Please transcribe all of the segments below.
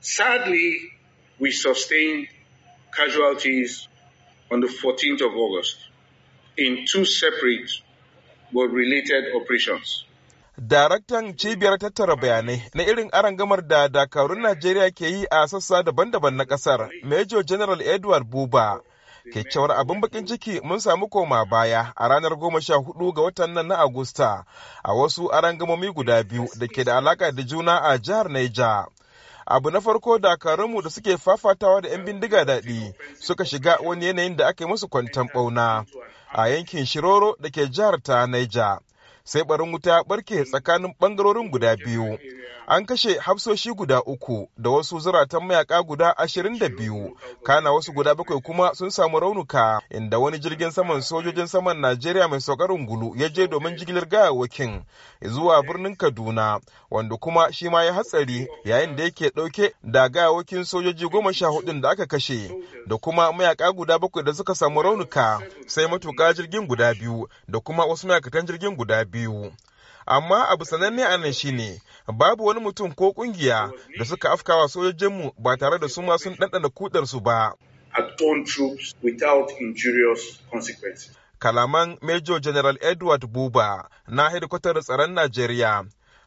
Sadly, we sustained casualties on the 14th of August in two separate but related operations. Daraktan cibiyar tattara bayanai na irin arangamar da dakarun Najeriya ke yi a sassa daban-daban na kasar, Major General Edward Buba. ke cewar abin bakin ciki mun samu koma baya a ranar goma sha hudu ga watan nan na agusta a wasu arangamomi guda biyu da ke da alaka da juna a jihar Niger. abu na farko dakarunmu da suke fafatawa da 'yan bindiga daɗi suka shiga wani yanayin da aka yi musu kwantan ɓauna a yankin shiroro da ke jihar ta Niger. sai barin wuta barke tsakanin bangarorin guda biyu an kashe hafsoshi guda uku da wasu zuratan mayaka guda ashirin da biyu kana wasu guda bakwai kuma sun samu raunuka inda wani jirgin saman sojojin saman najeriya mai saukarin gulu ya je domin jigilar wakin zuwa birnin kaduna wanda kuma shi ma ya hatsari yayin da yake dauke da wakin sojoji goma sha hudun da aka kashe da kuma mayaka guda bakwai da suka samu raunuka sai matuka jirgin guda biyu da kuma wasu mayakatan jirgin guda biyu amma abu sananne a nan shine babu wani mutum ko kungiya da suka afkawa sojojinmu ba tare da su ma sun ɗanɗana kudarsu ba kalaman major general edward buba na hedikwatar tsaron najeriya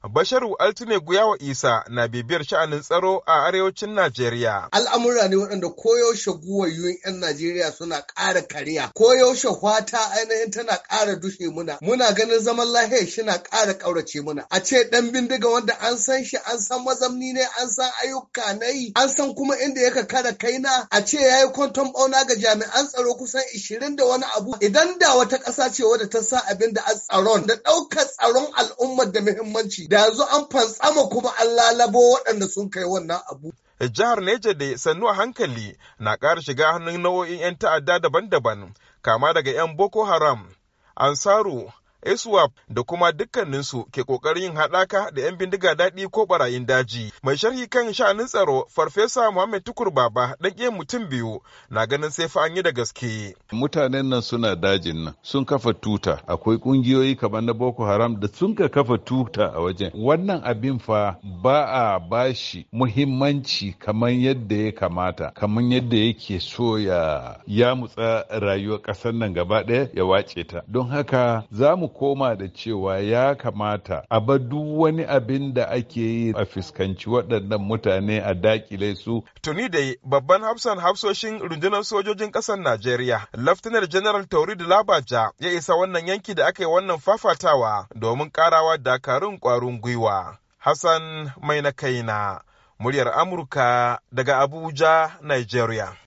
Basharu Altine Guyawa Isa na bibiyar sha'anin tsaro a arewacin Najeriya. Al'amura ne waɗanda koyaushe guwa guwayoyin 'yan Najeriya suna ƙara kariya, koyaushe hwata ainihin tana ƙara dushe muna, muna ganin zaman lahiyar shi na ƙara ƙaurace muna. A ce ɗan bindiga wanda an san shi, an san mazamni ne, an san ayyuka na yi, an san kuma inda yaka kara kaina, a ce ya yi kwanton ɓauna ga jami'an tsaro kusan ishirin da wani abu. Idan da wata ƙasa ce wadda ta sa abin da a tsaron da ɗaukar tsaron al'ummar da muhimmanci da yanzu an fantsama kuma an lalabo waɗanda sun kai wannan abu. Jihar Neja da sannu a hankali na ƙara shiga hannun nau'o'in 'yan ta'adda daban-daban kama daga 'yan Boko Haram, Ansaru, aswap da kuma dukkaninsu ke kokarin yin haɗaka da 'yan bindiga daɗi ko ɓarayin daji mai sharhi kan sha'anin tsaro farfesa muhammad tukur baba ɗan mutum biyu na ganin sai fa an yi da gaske mutanen nan suna dajin nan sun kafa tuta akwai ƙungiyoyi kamar na boko haram da sun ka kafa tuta a wajen wannan abin fa ba a bashi muhimmanci kamar yadda ya kamata kamar yadda yake so ya ya mutsa rayuwar ƙasar nan gaba ɗaya ya wace ta don haka za mu koma da cewa ya kamata a ba duk wani abin da ake yi a fuskanci waɗannan mutane a dakile su. Tuni da babban hafsan hafsoshin rundunar sojojin ƙasar Najeriya, Laftanar General Taurid Labaja ya isa wannan yanki da aka yi wannan fafatawa domin ƙarawa dakarun ƙwarin gwiwa. Hassan Mai na kaina, muryar Amurka daga Abuja, Nigeria.